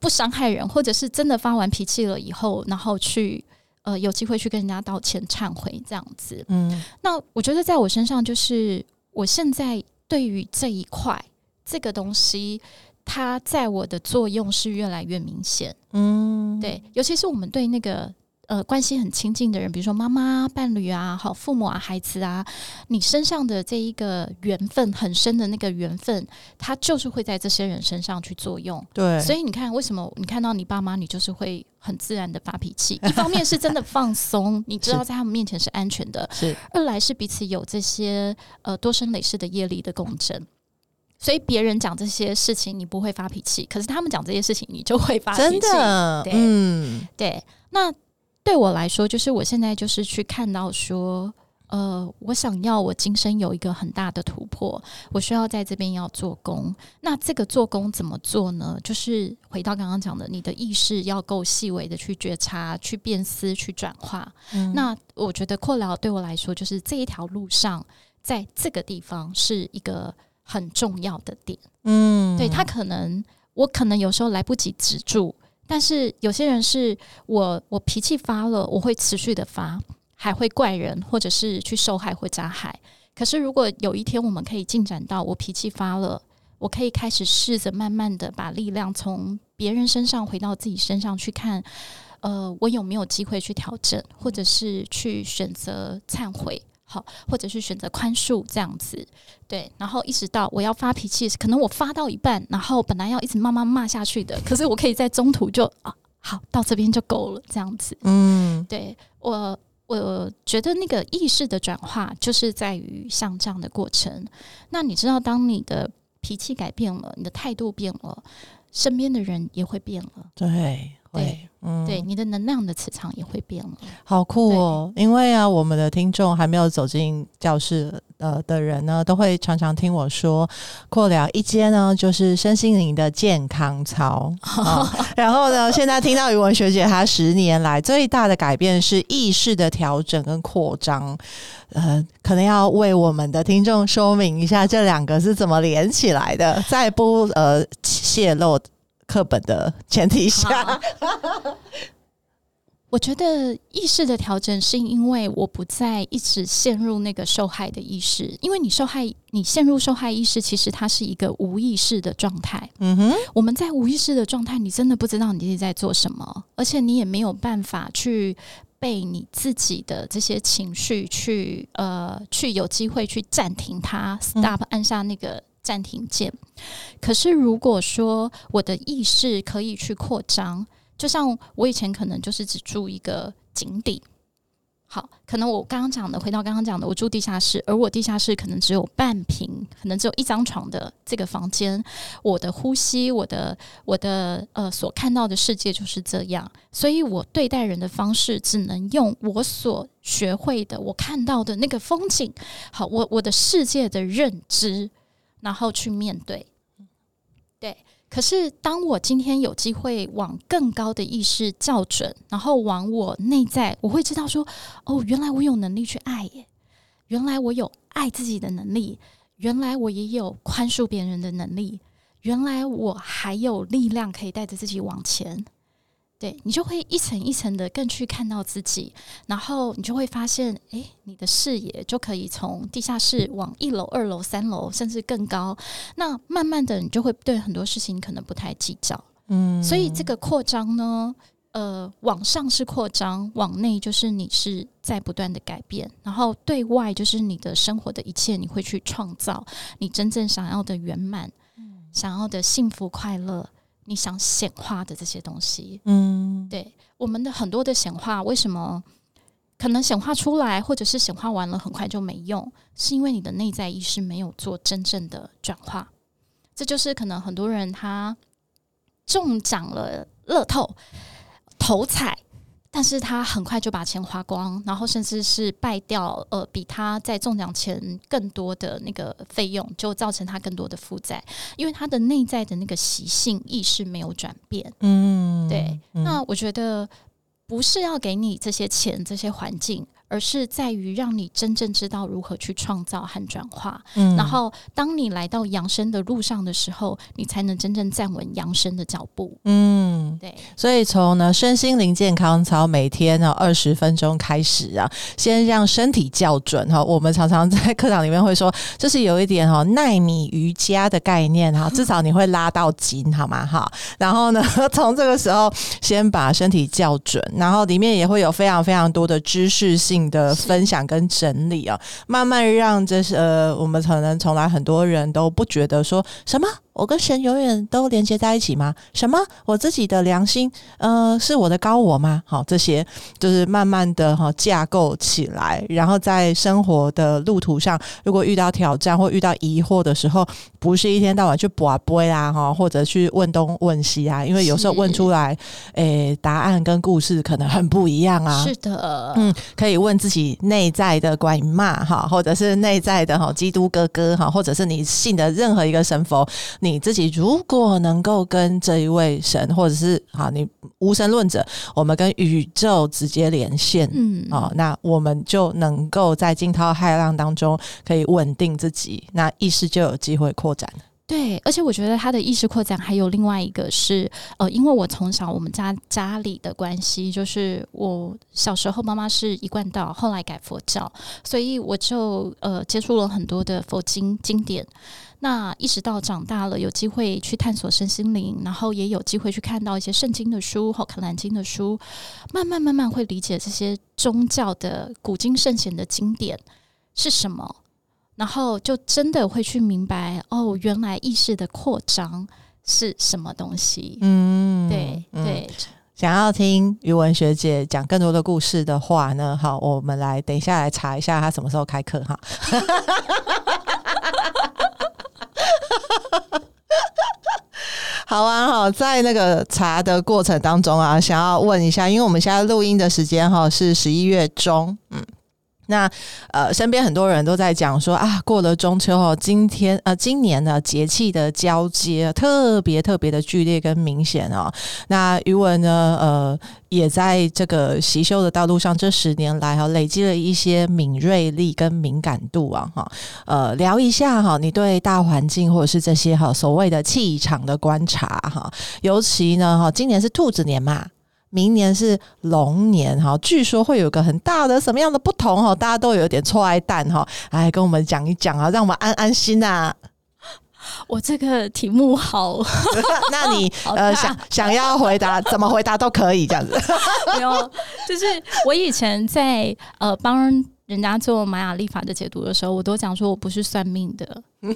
不傷害人，或者是真的發完脾氣了以後，然後去呃有機會去跟人家道歉、懺悔這樣子。嗯，那我覺得在我身上，就是我現在對於這一塊這個東西，它在我的作用是越來越明顯。嗯，對，尤其是我們對那個。呃，關係很親近的人，比如說媽媽、伴侶啊，好父母啊、孩子啊，你身上的這一個緣分很深的那個緣分，它就是會在這些人身上去作用。對，所以你看，為什麼你看到你爸媽，你就是會很自然的發脾氣？一方面是真的放鬆， 你知道在他們面前是安全的；二是來是彼此有這些呃多生累世的業力的共振。嗯，所以別人講這些事情，你不會發脾氣；可是他們講這些事情，你就會發脾氣。的對嗯，對。那對我來說，就是我現在就是去看到說，呃，我想要我今生有一個很大的突破，我需要在這邊要做工。那這個做工怎麼做呢？就是回到剛剛講的，你的意識要夠細微的去覺察、去辨思、去轉化。嗯、那我覺得擴療對我來說，就是這一條路上，在這個地方是一個很重要的點。嗯，對，他可能我可能有時候來不及止住。但是有些人是我，我脾氣發了，我會持續的發，還會怪人，或者是去受害或加害。可是如果有一天我們可以進展到我脾氣發了，我可以開始試着慢慢的把力量從別人身上回到自己身上去看，呃，我有沒有機會去調整，或者是去選擇懺悔。好，或者是選擇寬恕這樣子，對，然後意識到我要發脾氣，可能我發到一半，然後本來要一直慢慢罵下去的，可是我可以在中途就啊，好，到這邊就夠了，這樣子，嗯對，對我，我覺得那個意識的轉化就是在於像這樣的過程。那你知道，當你的脾氣改變了，你的態度變了，身邊的人也會變了，對。對，嗯，對，你的能量的磁場也會變了，好酷哦！對因為啊，我們的聽眾還沒有走進教室的，呃、的人呢，都會常常聽我說擴療一階呢，就是身心靈的健康操。呃、 然後呢，現在聽到瑜雯學姐，她十年來最大的改變是意識的調整跟擴張。呃，可能要為我們的聽眾說明一下，這兩個是怎麼連起來的，再不呃泄露課本的前提下，好啊、 我覺得意識的調整是因為我不再一直陷入那個受害的意識。因為你受害，你陷入受害意識，其實它是一個無意識的狀態。嗯哼，我們在無意識的狀態，你真的不知道你自己在做什麼，而且你也沒有辦法去被你自己的這些情緒去呃去有機會去暫停它，stop 按下、嗯、那個。暫停鍵。可是，如果說我的意識可以去擴張，就像我以前可能就是只住一個井底。好，可能我剛剛講的，回到剛剛講的，我住地下室，而我地下室可能只有半坪，可能只有一張床的這個房間，我的呼吸，我的我的呃所看到的世界就是這樣。所以我對待人的方式，只能用我所學會的，我看到的那個風景。好，我我的世界的認知。然後去面對，對。可是當我今天有機會往更高的意識校準，然後往我內在，我會知道說：哦，原來我有能力去愛耶！原來我有愛自己的能力，原來我也有寬恕別人的能力，原來我還有力量可以帶着自己往前。對，你就會一層一層的更去看到自己，然後你就會發現，哎，你的視野就可以從地下室往一樓、二樓、三樓，甚至更高。那慢慢的，你就會對很多事情可能不太計較。嗯，所以這個擴張呢，呃，往上是擴張，往內就是你是在不斷的改變，然後對外就是你的生活的一切，你會去創造你真正想要的圓滿，嗯，想要的幸福快樂，你想顯化的這些東西，嗯，對，我們的很多的顯化，為什麼可能顯化出來，或者是顯化完了，很快就沒用？是因為你的內在意識沒有做真正的轉化，這就是可能很多人他中獎了，樂透頭彩。但是他很快就把錢花光，然後甚至是敗掉，呃，比他在中獎前更多的那個費用，就造成他更多的負債，因為他的內在的那個習性意識沒有轉變。嗯，嗯，嗯嗯、對。那我覺得不是要給你這些錢，這些環境。而是在於讓你真正知道如何去創造和轉化，嗯，然後當你來到養生的路上的時候，你才能真正站穩養生的腳步，嗯，對。所以從呢身心靈健康操，每天呢二十分鐘開始啊，先讓身體校準哈、喔。我們常常在課堂裡面會說，這、就是有一點哈、喔、奈米瑜伽的概念哈、喔，至少你會拉到筋、嗯、好嗎哈。然後呢，從這個時候先把身體校準，然後裡面也會有非常非常多的知識性的分享跟整理啊，是慢慢讓這些，呃，我們可能從來很多人都不覺得說什麼。我跟神永遠都連接在一起嗎？什麼？我自己的良心，呃，是我的高我嗎？好，這些就是慢慢的哈架構起來，然後在生活的路途上，如果遇到挑戰或遇到疑惑的時候，不是一天到晚去補啊卜啦哈，或者去問東問西啊，因為有時候問出來，是誒，答案跟故事可能很不一樣啊。是的，嗯，可以問自己內在的觀音媽哈，或者是內在的哈基督哥哥哈，或者是你信的任何一個神佛你自己如果能夠跟這一位神，或者是好，你無神論者，我們跟宇宙直接連線，嗯，哦，那我們就能夠在驚濤駭浪當中可以穩定自己，那意識就有機會擴展。對，而且我覺得他的意識擴展還有另外一個是，呃，因為我從小我們家家裡的關係，就是我小時候媽媽是一貫道，後來改佛教，所以我就呃接觸了很多的佛經經典。那一直到長大了，有機會去探索身心靈，然後也有機會去看到一些聖經的書或看可蘭經的書，慢慢慢慢會理解這些宗教的古今聖賢的經典是什麼，然後就真的會去明白哦，原來意識的擴張是什麼東西。嗯，對對、嗯。想要聽瑜雯學姐講更多的故事的話呢，好，我們來等一下來查一下她什麼時候開課哈。 哈哈哈！哈， 好玩、啊、好，在那個查的過程當中啊，想要問一下，因為我們現在錄音的時間哈是十一月中。那，呃，身邊很多人都在講說啊，過了中秋哦，今天呃，今年呢，節氣的交接特別特別的劇烈跟明顯哦。那瑜雯呢，呃，也在這個習修的道路上，這十年來哈、哦，累積了一些敏銳力跟敏感度啊哈、哦。呃，聊一下哈、哦，你對大環境或者是這些哈、哦、所謂的氣場的觀察哈、哦，尤其呢哈、哦，今年是兔子年嘛。明年是龍年哈，據說會有個很大的什麼樣的不同，大家都有點錯愛蛋哈，哎，跟我們講一講啊，讓我們安安心吶、啊。我這個題目好， 那你大呃想想要回答，怎麼回答，都可以，這樣子。沒 有，就是我以前在呃幫。Barn 人家做瑪雅曆法的解讀的時候，我都講說我不是算命的。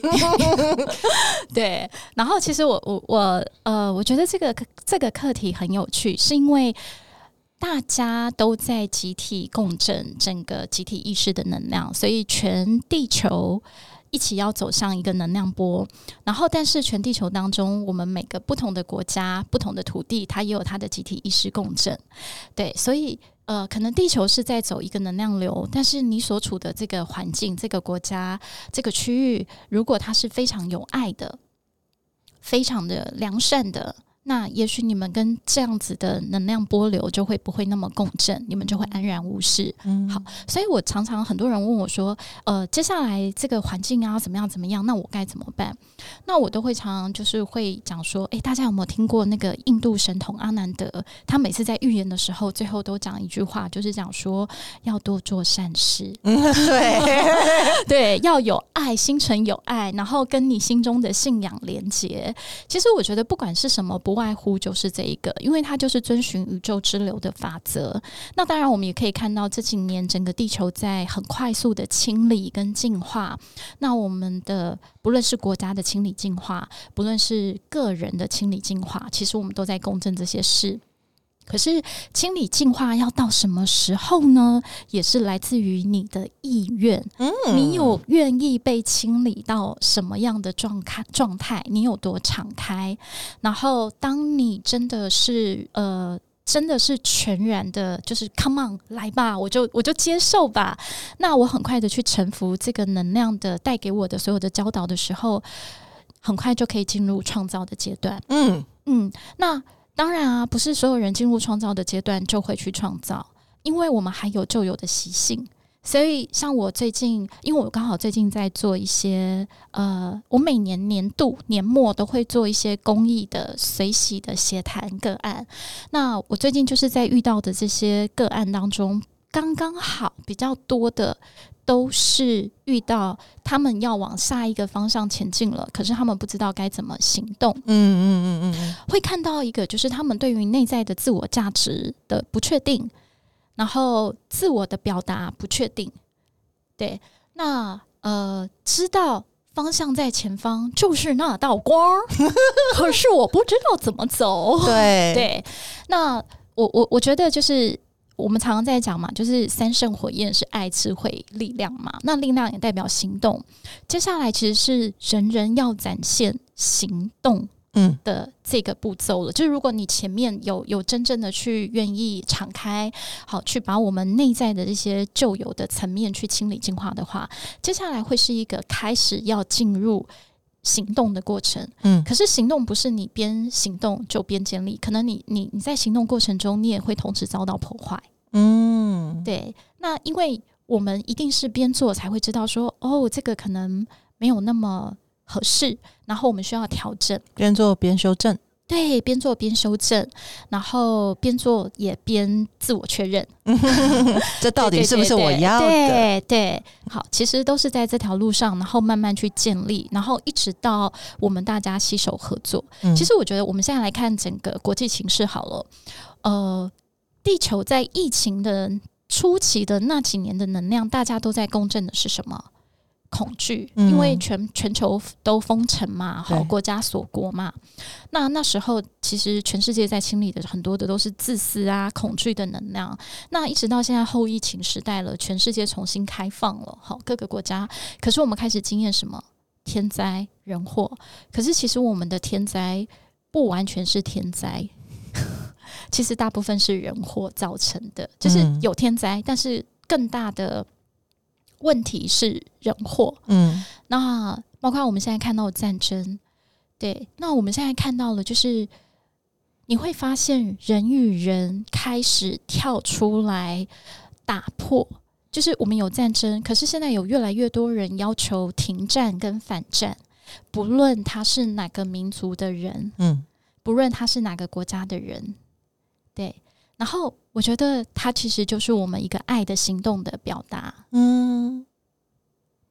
對，然後其實我我我呃，我覺得這個這個課題很有趣，是因為大家都在集體共振，整個集體意識的能量，所以全地球。一起要走上一個能量波，然後但是全地球當中，我們每個不同的國家、不同的土地，它也有它的集體意識共振。對，所以呃，可能地球是在走一個能量流，但是你所處的這個環境、這個國家、這個區域，如果它是非常有愛的、非常的良善的。那也許你們跟這樣子的能量波流就會不會那麼共振，你們就會安然無事。嗯，好，所以我常常很多人問我說，呃，接下來這個環境啊，怎麼樣怎麼樣？那我該怎麼辦？那我都會常常就是會講說，誒、欸，大家有沒有聽過那個印度神童阿南德？他每次在預言的時候，最後都講一句話，就是講說要多做善事。嗯、對 對，要有愛心存有愛，然後跟你心中的信仰連結。其實我覺得不管是什麼不。不外乎就是這一個，因為它就是遵循宇宙之流的法則。那當然，我們也可以看到這幾年整個地球在很快速的清理跟淨化。那我們的不論是國家的清理淨化，不論是個人的清理淨化，其實我們都在共振這些事。可是清理淨化要到什麼時候呢？也是來自於你的意願。嗯，你有願意被清理到什麼樣的狀態？狀態你有多敞開？然後當你真的是呃，真的是全然的，就是 Come on 來吧，我就我就接受吧。那我很快的去臣服這個能量的帶給我的所有的教導的時候，很快就可以進入創造的階段。嗯嗯，那。當然啊，不是所有人進入創造的階段就會去創造，因為我們還有舊有的習性。所以，像我最近，因為我剛好最近在做一些呃，我每年年度年末都會做一些公益的隨喜的協談個案。那我最近就是在遇到的這些個案當中，剛剛好比較多的。都是遇到他們要往下一個方向前進了，可是他們不知道該怎麼行動。嗯嗯嗯嗯，會看到一個就是他們對於內在的自我價值的不確定，然後自我的表達不確定。對，那呃，知道方向在前方就是那道光， 可是我不知道怎麼走。對對，那我我我覺得就是。我們常常在講嘛，就是三聖火焰是愛、智慧、力量嘛。那力量也代表行動。接下來其實是人人要展現行動，嗯的這個步驟了。嗯、就是如果你前面有有真正的去願意敞開，好去把我們內在的這些舊有的層面去清理淨化的話，接下來會是一個開始要進入，行動的過程，嗯，可是行動不是你邊行動就邊建立。可能你你你在行動過程中，你也會同時遭到破壞，嗯，對。那因為我們一定是邊做才會知道說，哦，這個可能沒有那麼合適，然後我們需要調整，邊做邊修正。對，邊做邊修正，然後邊做也邊自我確認，嗯、呵呵這到底是不是我要的？對，對，對，對，對，對，好，其實都是在這條路上，然後慢慢去建立，然後一直到我們大家攜手合作。嗯、其實我覺得我們現在來看整個國際情勢好了，呃，地球在疫情的初期的那幾年的能量，大家都在共振的是什麼？恐懼，因為全全球都封城嘛，好對國家鎖國嘛。那那時候，其實全世界在清理的很多的都是自私啊、恐懼的能量。那一直到現在後疫情時代了，全世界重新開放了，好，各個國家。可是我們開始經驗什麼天災人禍，可是其實我們的天災不完全是天災，其實大部分是人禍造成的，就是有天災，但是更大的。問題是人禍，嗯，那包括我們現在看到的戰爭，對，那我們現在看到了就是你會發現人與人開始跳出來打破，就是我們有戰爭，可是現在有越來越多人要求停戰跟反戰，不論他是哪個民族的人，嗯，不論他是哪個國家的人，對。然後我覺得，它其實就是我們一個愛的行動的表達。嗯，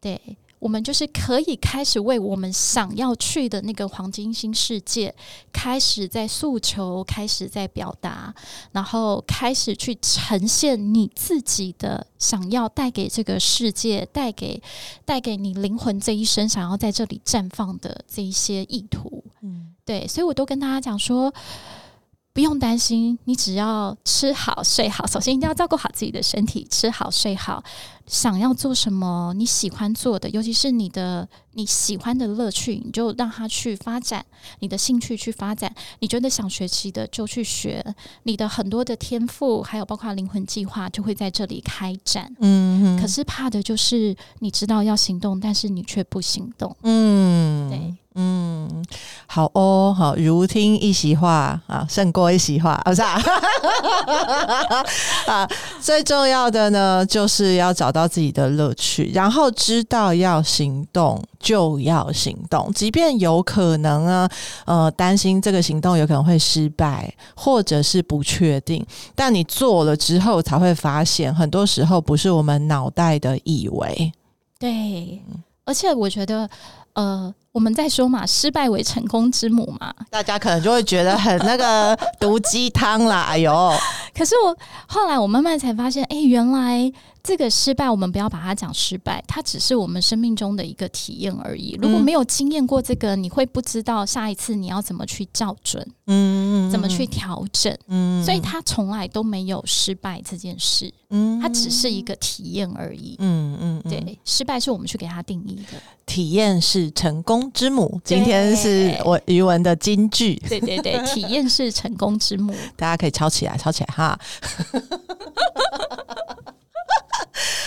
對我們就是可以開始為我們想要去的那個黃金新世界，開始在訴求，開始在表達，然後開始去呈現你自己的想要帶給這個世界，帶給帶給你靈魂這一生想要在這裡綻放的這一些意圖。嗯，對，所以我都跟大家講說。不用擔心，你只要吃好睡好，首先一定要照顧好自己的身體，吃好睡好。想要做什麼？你喜歡做的，尤其是你的你喜歡的樂趣，你就讓他去發展你的興趣去發展。你覺得想學習的就去學。你的很多的天賦，還有包括靈魂計劃，就會在這裡開展。嗯哼，可是怕的就是你知道要行動，但是你却不行動。嗯，對，嗯，好哦，好，如聽一席話啊，勝過一席話，啊、不是啊，最重要的呢，就是要找到。自己的樂趣，然後知道要行動就要行動，即便有可能啊，呃，擔心這個行動有可能會失敗，或者是不確定，但你做了之後才會發現，很多時候不是我們腦袋的以為，對，而且我覺得。呃，我們在說嘛，失敗為成功之母嘛，大家可能就會覺得很那個毒雞湯啦。 哎呦，可是我後來我慢慢才發現，哎、欸，原來這個失敗，我們不要把它講失敗，它只是我們生命中的一個體驗而已。如果沒有經驗過這個，你會不知道下一次你要怎麼去校準，嗯，嗯，嗯、怎麼去調整，嗯嗯，所以它從來都沒有失敗這件事，嗯，它只是一個體驗而已，嗯嗯，嗯，對，失敗是我們去給它定義的。體驗是。是成功之母。今天是我瑜雯的金句。對對對，體驗是成功之母。 大家可以抄起來，抄起來哈。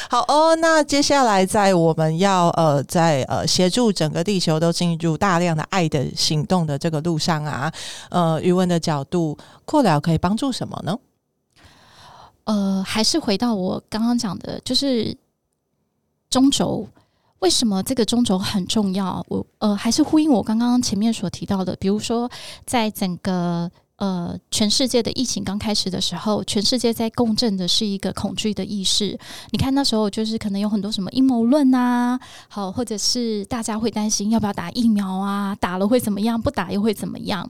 好哦，那接下來在我們要呃，在呃協助整個地球都進入大量的愛的行動的這個路上啊，呃，瑜雯的角度，擴療可以幫助什麼呢？呃，還是回到我剛剛講的，就是中軸。為什麼這個中軸很重要？我呃還是呼應我剛剛前面所提到的，比如說在整個呃全世界的疫情剛開始的時候，全世界在共振的是一個恐懼的意識。你看那時候就是可能有很多什麼陰謀論啊，好，或者是大家會擔心要不要打疫苗啊，打了會怎麼樣，不打又會怎麼樣？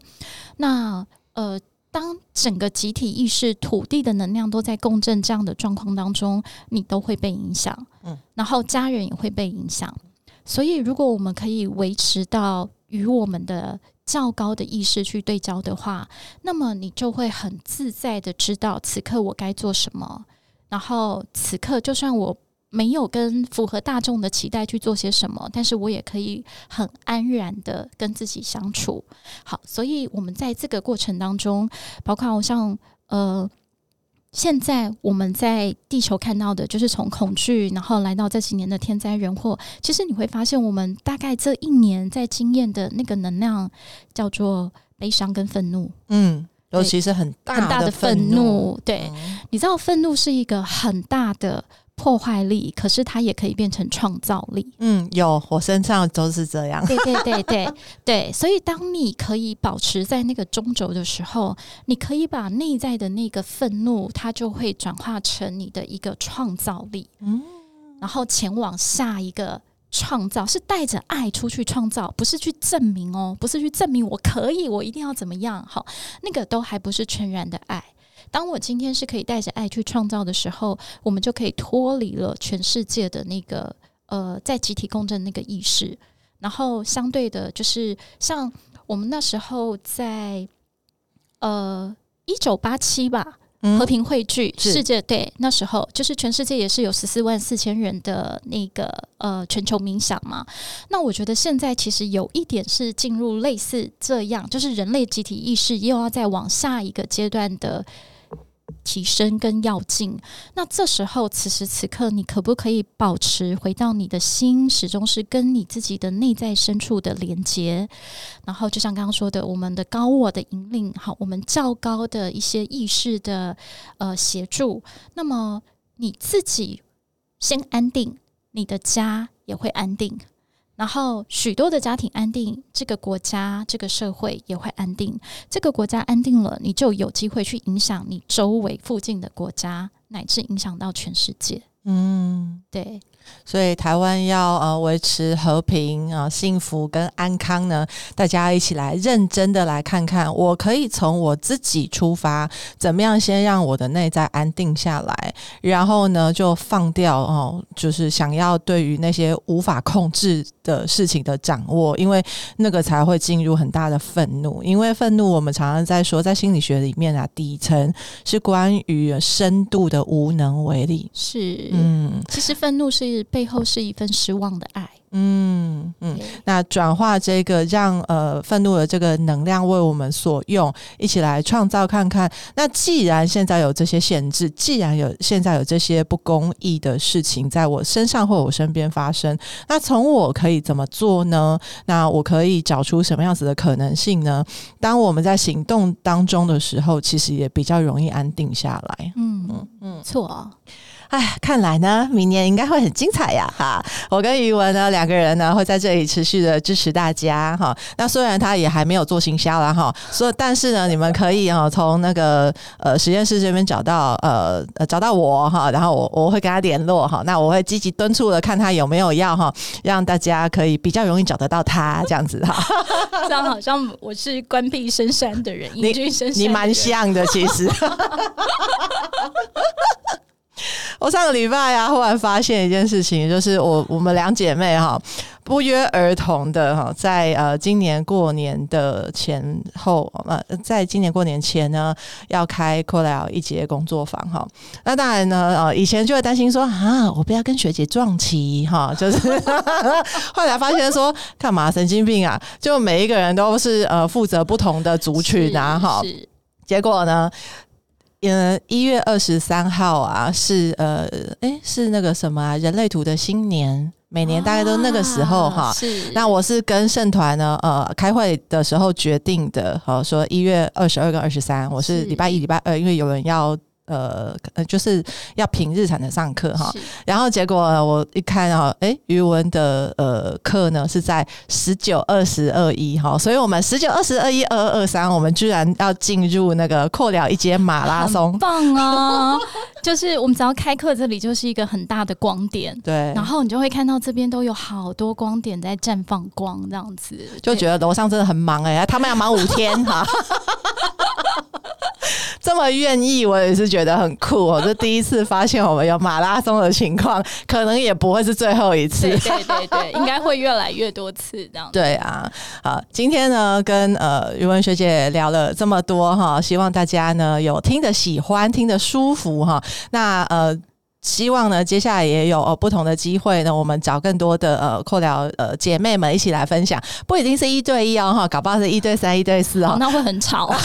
那呃。當整個集體意識、土地的能量都在共振這樣的狀況當中，你都會被影響，嗯，然後家人也會被影響。所以，如果我們可以維持到與我們的較高的意識去對焦的話，那麼你就會很自在的知道此刻我該做什麼。然後，此刻就算我。沒有跟符合大眾的期待去做些什麼，但是我也可以很安然的跟自己相處。好，所以，我們在這個過程當中，包括好像呃，現在我們在地球看到的，就是從恐懼，然後來到這幾年的天災人禍。其實你會發現，我們大概這一年在經驗的那個能量，叫做悲傷跟憤怒。嗯，尤其是很大對、嗯、很大的憤怒。對，嗯、你知道，憤怒是一個很大的。破壞力，可是它也可以變成創造力。嗯，有，我身上都是這樣。 對對對對對，所以當你可以保持在那個中軸的時候，你可以把內在的那個憤怒，它就會轉化成你的一個創造力。嗯，然後前往下一個創造，是帶着愛出去創造，不是去證明哦，不是去證明我可以，我一定要怎麼樣。好，那個都還不是全然的愛。當我今天是可以帶着愛去創造的時候，我們就可以脫離了全世界的那個呃，在集體共振那個意識，然後相對的，就是像我們那時候在呃一九八七吧，嗯、和平匯聚世界，對，是那時候就是全世界也是有十四萬四千人的那個呃全球冥想嘛。那我覺得現在其實有一點是進入類似這樣，就是人類集體意識又要再往下一個階段的。提升、跟要進，那這時候此時此刻，你可不可以保持回到你的心，始終是跟你自己的內在深處的連接？然後就像剛剛說的，我們的高我的引領，好，我們較高的一些意識的呃協助，那麼你自己先安定，你的家也會安定。然後，許多的家庭安定，這個國家、這個社會也會安定。這個國家安定了，你就有機會去影響你周圍附近的國家，乃至影響到全世界。嗯，對。所以台灣要呃維持和平啊、呃、幸福跟安康呢，大家一起來認真的來看看，我可以從我自己出發，怎麼樣先讓我的內在安定下來，然後呢就放掉哦、呃，就是想要對於那些無法控制的事情的掌握，因為那個才會進入很大的憤怒。因為憤怒，我們常常在說，在心理學裡面啊，底層是關於深度的無能為力。是，嗯，其實憤怒是一個是背後是一份失望的愛。嗯嗯，那轉化這個讓，讓呃憤怒的這個能量為我們所用，一起來創造看看。那既然現在有這些限制，既然有現在有這些不公義的事情在我身上或我身邊發生，那從我可以怎麼做呢？那我可以找出什麼樣子的可能性呢？當我們在行動當中的時候，其實也比較容易安定下來。嗯嗯嗯，嗯錯。哎，看來呢，明年應該會很精彩呀！哈，我跟瑜雯呢兩個人呢會在這裡持續的支持大家哈。那雖然他也還沒有做行銷了哈，所以但是呢，你們可以哈從那個呃實驗室這邊找到呃呃找到我哈，然後我我會跟他聯絡哈。那我會積極敦促的，看他有沒有要哈，讓大家可以比較容易找得到他這樣子哈。這樣 好像我是關閉深山的人，你英俊深山人你你蠻像的其實。 我上個禮拜啊，忽然發現一件事情，就是我我們兩姐妹哈，不約而同的哈，在呃今年過年的前後，呃，在今年過年前呢，要開擴療一階工作坊哈。那當然呢，呃，以前就會擔心說啊，我不要跟學姐撞期哈、啊，就是後 來發現說幹嘛神經病啊？就每一個人都是呃負責不同的族群啊哈，結果呢？呃，一、嗯、月二十三號啊，是呃，誒，是那個什麼啊，人類圖的新年，每年大概都那個時候、啊、哈。是。那我是跟聖團呢，呃，開會的時候決定的，好說一月二十二跟二十三，我是禮拜一、是禮拜二，因為有人要。呃，就是要平日才能上課哈，是然後結果我一看啊，哎，瑜雯的呃課呢是在十九、二十二、一哈，所以我們十九、二十二、一、二二、二三，我們居然要進入那個擴療一階馬拉松，很棒啊、哦！ 就是我們只要開課，這裡就是一個很大的光點，對，然後你就會看到這邊都有好多光點在綻放光，這樣子就覺得樓上真的很忙哎、欸對啊，他們要忙五天哈。 啊 這麼願意，我也是覺得很酷，喔。我這第一次發現我們有馬拉松的情況，可能也不會是最後一次。 對對對，對，應該會越來越多次這樣。 對啊，好，今天呢，跟呃瑜雯學姐聊了這麼多哈，喔，希望大家呢有聽得喜歡，聽得舒服哈，喔。那呃，希望呢接下來也有不同的機會呢，我們找更多的呃擴療呃姐妹們一起來分享，不一定是一對一哦哈，搞不好是一對三、一對四哦，喔，那會很吵。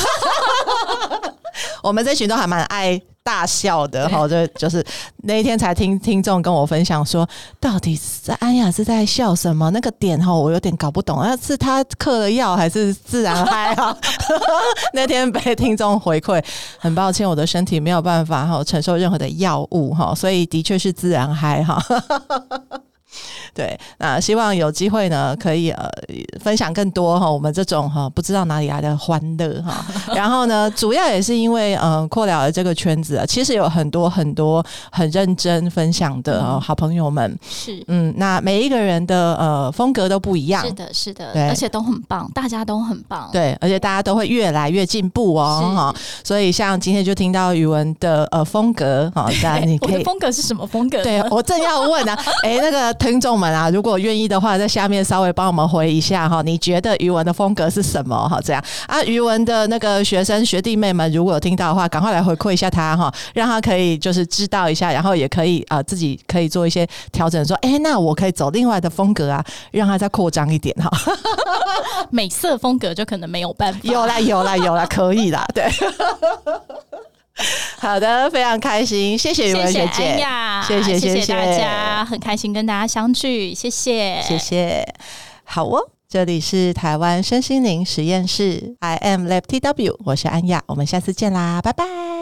我們這群都還蠻愛大笑的哈，對就就是那一天才聽聽眾跟我分享說，到底是安雅是在笑什麼？那個點哈，我有點搞不懂，那、啊、是他嗑了藥還是自然嗨哈，那天被聽眾回饋，很抱歉我的身體沒有辦法哈承受任何的藥物哈，所以的確是自然嗨哈、哈。對，那希望有機會呢，可以呃分享更多哈、哦，我們這種哈、哦、不知道哪裡來的歡樂哈。哦、 然後呢，主要也是因為呃擴療了這個圈子，其實有很多很多很認真分享的、哦、好朋友們，是嗯，那每一個人的呃風格都不一樣，是的，是的，對，而且都很棒，大家都很棒，對，而且大家都會越來越進步哦哈是、哦。所以像今天就聽到瑜雯的呃風格，好、哦，大家你可以、欸、我的風格是什麼風格？對我正要問呢、啊，哎、 欸、那個。聽眾們啊，如果願意的話，在下面稍微幫我們回一下哈，你覺得瑜雯的風格是什麼哈？這樣啊，瑜雯的那個學生學弟妹們，如果有聽到的話，趕快來回饋一下他哈，讓他可以就是知道一下，然後也可以啊、呃、自己可以做一些調整，說誒、欸，那我可以走另外的風格啊，讓他再擴張一點哈。美色風格就可能沒有辦法，有啦，有啦，有啦，可以啦，對。 好的，非常開心，謝謝瑜雯學姐，謝謝安謝，謝，謝，謝，謝謝大家，很開心跟大家相聚，謝謝謝謝，好哦，這裡是台灣身心靈實驗室，I am Lab TW，我是安雅，我們下次見啦，拜拜。